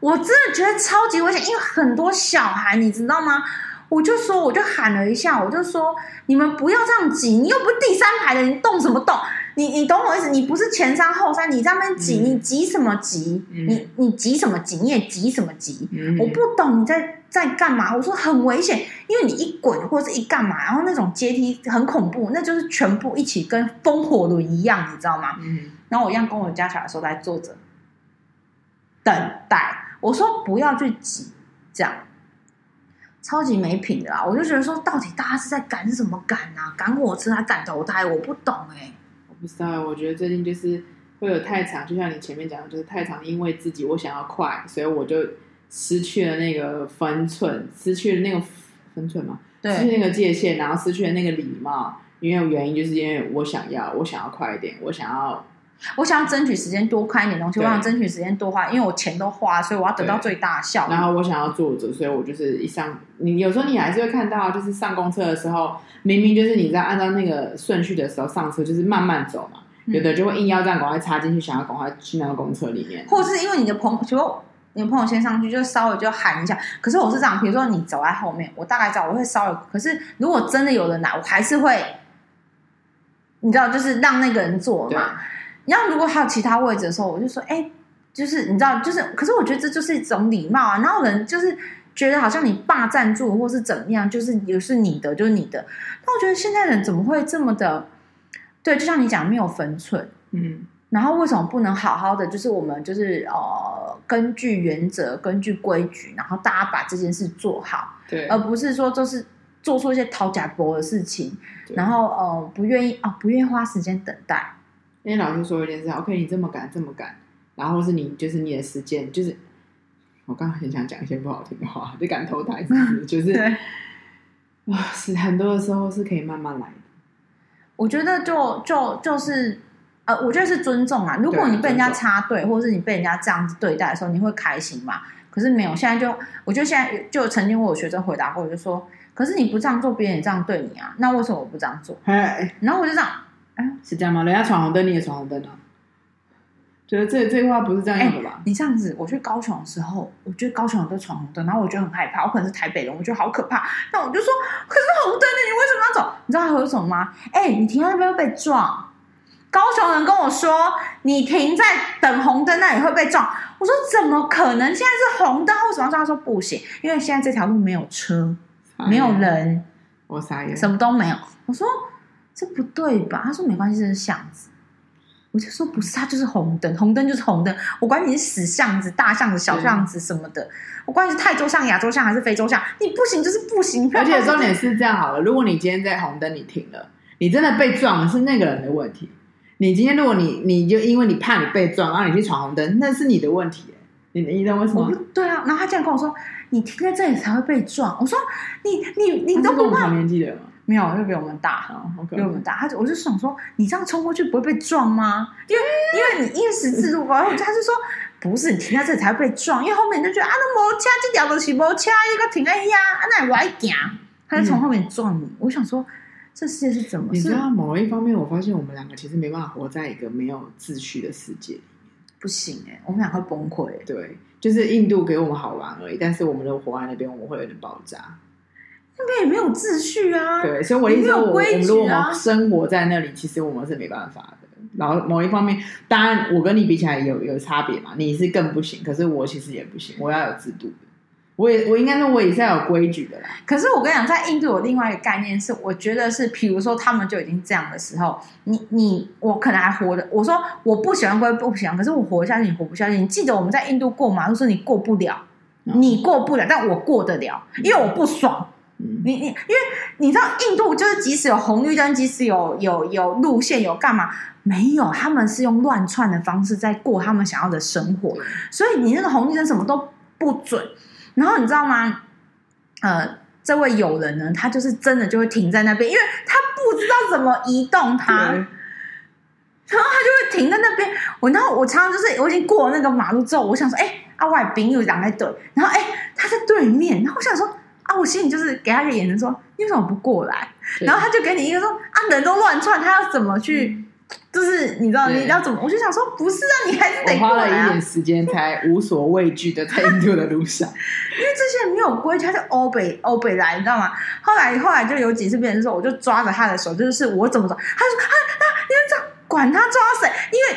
Speaker 2: 我真的覺得超級危險，因為很多小孩，你知道嗎？我就說，我就喊了一下，我就說你們不要這樣擠，你又不是第三排的人，你動什麼動？”你你懂我意思？你不是前山後山，你在那邊擠，你擠什麼擠、嗯、你你擠什麼擠你也擠什麼擠、嗯、我不懂你在在幹嘛？我說很危險，因為你一滾或者是一幹嘛，然後那種階梯很恐怖，那就是全部一起跟風火輪一樣，你知道嗎？嗯、然後我一樣跟我家長的時候在坐着等待，我說不要去擠，這樣超級沒品的啊！我就覺得說，到底大家是在趕什麼趕啊？趕火車還趕
Speaker 1: 投胎？我不懂哎、欸。不知道，我覺得最近就是會有太長，就像你前面講的，就是太長，因為自己我想要快，所以我就失去了那個分寸，失去了那個分寸嘛，對，失去了那個界限，然後失去了那個禮貌。因為原因就是因為我想要，我想要快一點，我想要。我想要爭取時間多看一點東西，我想爭取時間多花，因為我錢都花，所以我要得到最大的效益。然後我想要坐着，所以我就是一上你有時候你還是會看到，就是上公車的時候，明明就是你在按照那個順序的時候上車，就是慢慢走嘛、嗯，有的就會硬要站過來插進去，想要趕快去那個公車裡面。或
Speaker 2: 是因為你的朋，友，比如說你的朋友先上去，就稍微就喊一下。可是我是這樣，比如說你走在後面，我大概知道我會稍微，可是如果真的有人來，我還是會，你知道，就是讓那個人坐嘛。然後，如果還有其他位置的時候，我就說，哎、欸，就是你知道，就是，可是我覺得這就是一種禮貌啊。然後人就是覺得好像你霸佔住或是怎樣，就是也是你的，就是你的。但我覺得現在人怎麼會這麼的？對，就像你講，沒有分寸，嗯。然後為什麼不能好好的？就是我們就是呃，根據原則，根據規矩，然後大家把這件事做好，對，而不是說就是做出一些討價搏的事情，然後呃，
Speaker 1: 不願意啊、哦，不願意花時間等待。那天老師說一件事，OK，你這麼趕，這麼趕，然後是你就是你的時間，就是我剛剛很想講一些不好聽的話，就趕投胎，就是哇，是、哦、很多的時候是可以慢慢來的。
Speaker 2: 我覺得就就就是呃，我覺得是尊重啊。如果你被人家插隊，或者是你被人家這樣子對待的時候，你會開心嘛？可是沒有。現在就，我就現在就曾經我有學生回答過，我就說：可是你不這樣做，別人也這樣對你啊，那為什麼我不這樣做？
Speaker 1: 然後我就這樣。哎、嗯，是這樣嗎？人家闖紅燈，你也闖紅燈啊？覺得這這句話不是這樣用的吧，欸？你這樣子，我去高雄的時候，我覺得高雄人都闖紅燈，然後我覺得很害怕。我可能是
Speaker 2: 台北人，我覺得好可怕。那我就說，可是紅燈呢，欸？你為什麼要走？你知道有什麼嗎？哎、欸，你停在那邊會被撞。高雄人跟我說，你停在等紅燈那裡會被撞。我說怎麼可能？現在是紅燈，為什麼要？他說不行，因為現在這條路沒有車，沒有人，我啥也什麼都沒有。我說。這不對吧？他說沒關係，這是巷子。我就說不是，它就是紅燈，紅燈就是紅燈。我管你是死巷子、大巷子、小巷子什麼的，我管你是泰州巷、亞洲巷還是非洲巷，
Speaker 1: 你不行就是不行你不。而且重點是這樣好了，如果你今天在紅燈你停了，你真的被撞的是那個人的問題。你今天如果你你就因為你怕你被撞，然後你去闖紅燈，那是你的問題、欸。你你認為什麼我不？對啊，然後他竟然跟我說，你停在這裡才會
Speaker 2: 被撞。我說你你你，你都不怕這個我年紀的人。沒有，又比我們大，比、okay. 我們大。他就我就想說，你這樣衝過去不會被撞嗎？因、yeah. 為因為你一時自作主張，他就說 *laughs* 不是，你停在這裡才會被撞。因為後面就覺得啊，那沒車這條路是沒車，一個停哎呀，那內壞
Speaker 1: 行，他就從
Speaker 2: 後面撞你。我想說，這世界是怎
Speaker 1: 麼？你知道是某一方面，我發現我們兩個其實沒辦法活在一個沒有秩序的世界裡不行哎、欸，我們倆會崩潰、欸。對，就是印度給我們好玩而已，但是我們的活在那邊，我們會有點爆炸。
Speaker 2: 應該也沒有秩序啊，對，所以我一直有規矩、啊、我們如果
Speaker 1: 生活在那裡，其實我們是沒辦法的。然後某一方面，當然我跟你比起來有有差別嘛，你是更不行，可是我其實也不行。我要有制度的，我也我應該說，我也是要有規矩的啦。可是我跟你講，在印度，有另外一個概念是，我覺得是，比如說他們就已經這
Speaker 2: 樣的時候，你你我可能還活着。我說我不喜歡歸不喜歡，可是我活下去，你活不下去。你記得我們在印度過嗎？我、就是、說你過不了、嗯，你過不了，但我過得了，嗯、因為我不爽。你你，因為你知道印度就是，即使有紅綠燈，即使有有有路線有幹嘛，沒有，他們是用亂竄的方式在過他們想要的生活。所以你那個紅綠燈什麼都不準。然後你知道嗎？呃，這位友人呢，他就是真的就會停在那邊，因為他不知道怎麼移動他。然後他就會停在那邊。我然後我常常就是我已經過了那個馬路之後，我想說，哎、欸，阿外兵又在來對，然後哎、欸，他在對面。然後我想說。啊！我心裡就是給他一個眼神，說：“你為什麼不過來？”然後他就給你一個說：“啊，人都亂竄，他要怎麼去？”嗯、就是你知道你要怎麼？我就想說：“不是啊，你還是得過來、啊、花了一點
Speaker 1: 時間才無所畏懼的在印度的路上， *laughs* 因為這些人沒有規矩，他就
Speaker 2: 歐北歐北來，你知道嗎？後來後來就有幾次變成的時候，我就抓着他的手，就是我怎麼抓？他
Speaker 1: 就說：“啊那因為管他抓誰，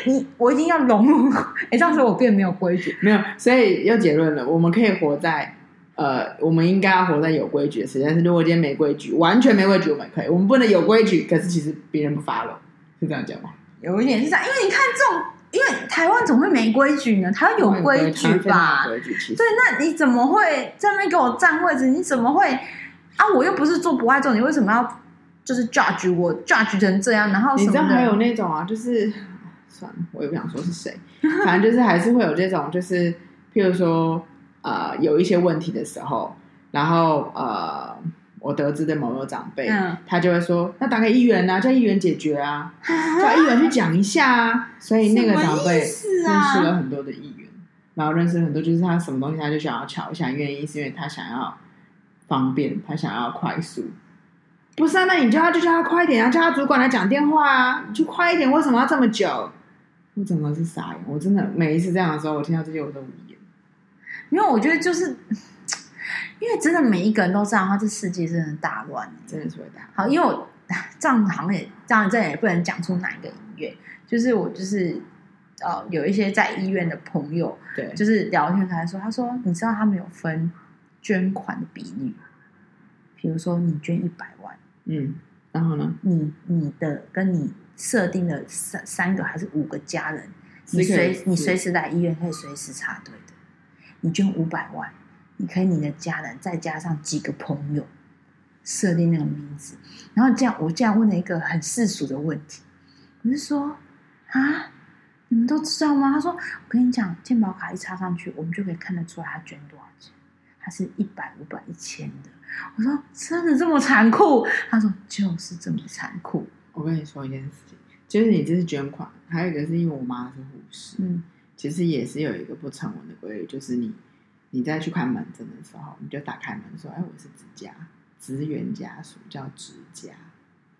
Speaker 1: 因為你我一定要聾。 *laughs* 欸”這樣說我變沒有規矩，沒有，所以又結論了，我們可以活在。呃，我們應該要活在有規矩的世界。但是，如果今天沒規矩，完全沒規矩，我們可以，我們不能有規矩。可是，其實別人不發了是這樣講嗎？
Speaker 2: 有一點是這樣，因為你看這種，因為台灣怎麼會沒規矩呢？矩台灣有規矩吧？對，那你怎麼會在那邊給我占位置？你怎麼會啊？我又不是坐博愛座，你為什麼要就是 judge 我 judge 成這樣？然後什麼你知道還有那
Speaker 1: 種啊，就是算了，我也不想說是誰，反正就是還是會有這種，就是譬如說。呃，有一些問題的時候，然後呃，我得知的某個長輩，嗯、他就會說：“那打給議員啊，叫議員解決啊，啊叫議員去講一下啊。”所以那個長輩認識了很多的議員，啊、然後認識很多，就是他什麼東西他就想要搶，想原因是因為他想要方便，他想要快速。不是啊？那你就叫他就叫他快一點啊！叫他主管來講電話啊！你快一點，為什麼要這麼久？我怎麼是傻眼？我真的每一次這樣的時候，我聽到這些我都。因為我覺得就是，因為真的每
Speaker 2: 一個人都知道，這世界真的大亂、欸，真的是好。因為我這樣也這樣，再也不能講出哪一個醫院，就是我就是，哦、有一些在醫院的朋友，對，就是聊天才說，他說你知道他們有分捐款的比例。比如說你捐一百萬，嗯，然後呢，你你的跟你設定的三三個還是五個家人，你隨你隨時來醫院可以隨時插隊。你捐五百萬，你可以你的家人再加上幾個朋友設定那個名字，然後這樣我這樣問了一個很世俗的問題，我是說啊，你們都知道嗎？他說我跟你講，健保卡一插上去，我們就可以看得出來他捐多少錢，他是一百、五百、一千
Speaker 1: 的。我說真的這麼殘酷？他說就是這麼殘酷。我跟你說一件事情，就是你這次捐款，還有一個是因為我媽是護士，嗯。其實也是有一個不成文的規律，就是你，你在去看門診的，的時候，你就打開門說：“哎，我是職家職員家屬，叫職家。”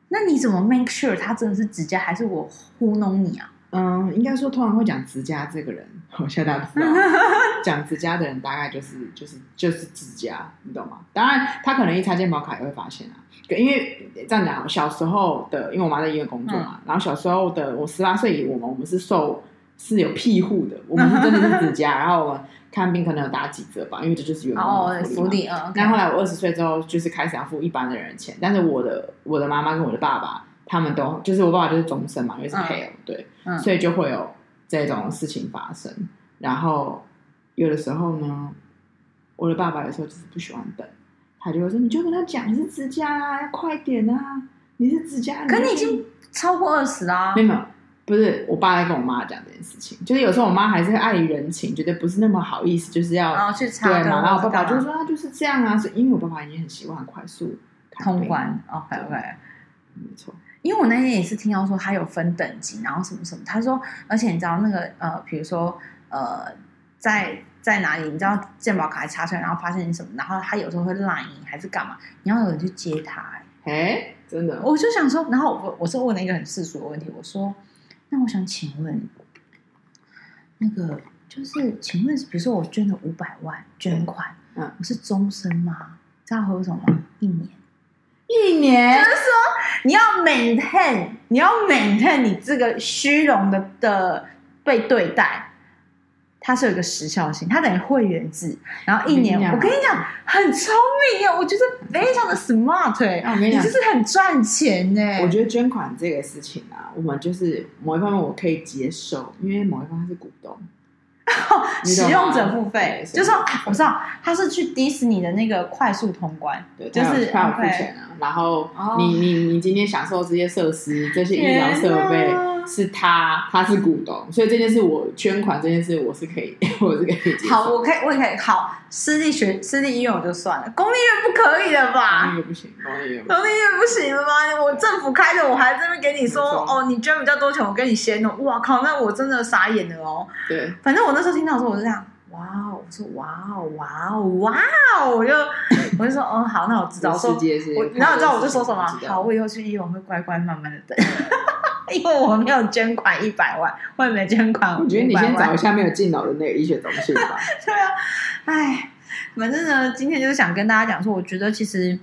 Speaker 2: 那你怎麼 make sure
Speaker 1: 他真的是職家，還是我糊弄你啊？嗯，應該說，通常會講職家這個人，我現在都知道笑大了。講職家的人，大概就是就是就是職家，你懂嗎？當然，他可能一插健保卡也會發現啊。因為這樣講，小時候的，因為我媽在醫院工作嘛、嗯，然後小時候的，我十八歲以我們，我們是受。是有庇護的，我們是真的是自家， *laughs* 然後我看病可能有打幾折吧，因為這就是有福利啊。那、oh, so okay. 後來我二十歲之後，就是開始要付一般的人錢，但是我的我的媽媽跟我的爸爸他們都就是我爸爸就是終身嘛，因為是配偶、嗯、對、嗯，所以就會有這種事情發生。然後有的時候呢，我的爸爸有時候就是不喜歡等，他就會說：“你就跟他講你是指家啊，快點啊，你是指家。”可你已經超過二十啦，沒、嗯、有。不是，我爸在跟我媽講這件事情，就是有時候我媽還是礙於人情，覺得不是那麼好意思，就是要去插隊嘛。然後，去然後我爸爸就說：“他、嗯、就是這樣啊，是因為我爸爸也很喜歡快速通關。” OK，okay 沒錯。因為我那天
Speaker 2: 也是聽到說他有分等級，然後什麼什麼。他說：“而且你知道那個呃，比如說呃，在在哪裡？你知道健保卡還插出來，然後發現你什麼？然後他有時候會賴你，還是幹嘛？你要有人去接他。”哎，
Speaker 1: 真的，我
Speaker 2: 就想說，然後我我是問了一個很世俗的問題，我說。那我想請問，那個就是，請問，比如說我捐了五百萬捐款，嗯，嗯，我是終身嗎？這樣會有什麼？
Speaker 1: 一年，一年，就是
Speaker 2: 說你要 maintain，你要 maintain 你這個虛榮的的被對待。它是有一個時效性，它等於會員制，然後一年。我跟你講，很聰明耶，我覺
Speaker 1: 得非常的 smart，你就是很
Speaker 2: 賺錢。我覺
Speaker 1: 得捐款這個事情啊，我們就是某一方面我可以接受，因為某一方面是股東。使用者付
Speaker 2: 費，就是、啊、我知道他是去迪士尼的那個快速
Speaker 1: 通關，對，就是快付錢啊。Okay. 然後你、oh. 你你今天享受這些設施、這些醫療設備是，是他他是股東，所以這件事我捐款這件事我是可以，我是可以。好，我可以，我可以。好，私立學私立醫院我就算了，公立醫院
Speaker 2: 不可以了吧？公立醫院不行，公立醫院不行了吧？我政府開的，我還在這邊給你說哦，你捐比較多錢，我跟你先弄。哇靠，那我真的傻眼了哦。對，反正我。那。那時候聽到說，我是這樣，
Speaker 1: 哇哦，我說哇哦，哇哦，
Speaker 2: 哇哦，我就我就說，嗯、哦，好，那我知道，我說，然後你知道，我，說我就說什麼、啊？好，我以後去醫院我會乖乖慢慢的
Speaker 1: 等，
Speaker 2: *laughs* 因為我沒有捐款一百萬，我也沒捐款。我覺得你先找一
Speaker 1: 下沒有進腦的那個醫學東西吧。 *laughs* 對
Speaker 2: 啊，哎，反正呢，今天就是想跟大家講說，我覺得其實。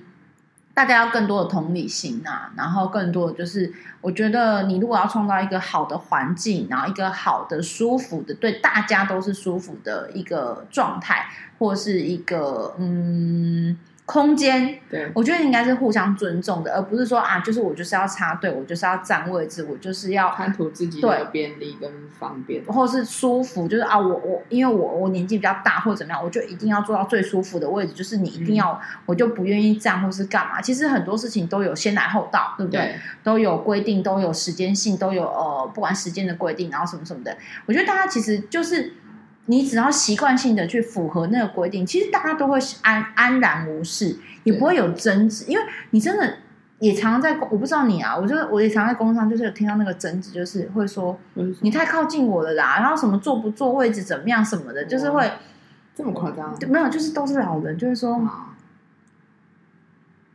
Speaker 2: 大家要更多的同理心啊，然後更多的就是，我覺得你如果要創造一個好的環境，然後一個好的舒服的，對大家都是舒服的一個狀態，或是一個，嗯。空間對，我覺得應該是互相尊重的，而不是說啊，就是我就是要插隊，我就是要佔位置，我就是要貪圖自己的便利跟方便，或是舒服，就是啊，我我因為我我年紀比較大或者怎麼樣，我就一定要坐到最舒服的位置，就是你一定要，嗯、我就不願意站或是幹嘛。其實很多事情都有先來後到，對不對？對，都有規定，都有時間性，都有呃，不管時間的規定，然後什麼什麼的。我覺得大家其實就是。你只要習慣性的去符合那個規定，其實大家都會安安然無事，也不會有爭執，對對對，因為你真的也常在，我不知道你啊，我就我也常在工上，就是有聽到那個爭執，就是會說你太靠近我了啦，然後什麼坐不坐位置怎麼樣什麼的，就是會、哦、這麼誇張？沒有，就是都是老人，就是說，哦、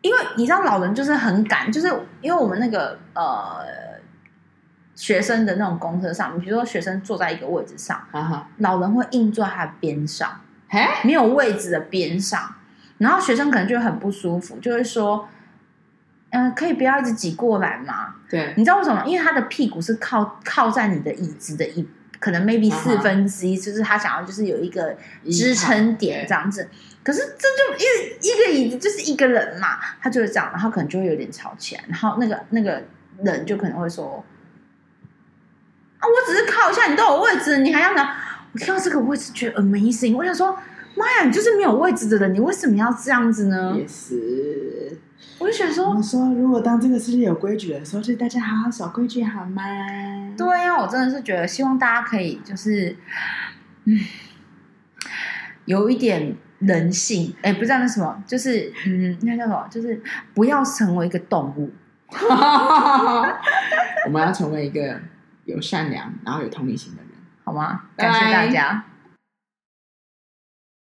Speaker 2: 因為你知道老人就是很趕，就是因為我們那個呃。學生的那種公車上，你比如說學生坐在一個位置上，uh -huh. 老人會硬坐在他的邊上，hey? 沒有位置的邊上，然後學生可能就很不舒服，就會說：“嗯、呃，可以不要一直擠過來嗎？”對，你知道為什麼？因為他的屁股是靠靠在你的椅子的一，可能 maybe 四分之一，uh-huh. 就是他想要就是有一個支撐點這樣子。Uh -huh. 可是這就一個一個椅子就是一個人嘛，他就是這樣，然後可能就會有點吵起來，然後那個那個人就可能會說。啊！我只是靠一下，你都有位置，你還要拿？我聽到這個位置覺得 amazing，我想說，媽呀，你就是沒有位置的人，你為什麼要這樣子呢？也是，
Speaker 1: 我就想說，我說如果當這個世界有規矩的時候，就大家好好守規矩好嗎？對呀，我真的是覺得希望大家可以就是，
Speaker 2: 嗯，有一點人性，哎，不知道那什麼，就是嗯，那叫什麼，就是不要成為一個動物，
Speaker 1: *laughs* *laughs* *laughs* 我們要成為一個。有善良，然後有同理心的人，好嗎？Bye. 感謝大家。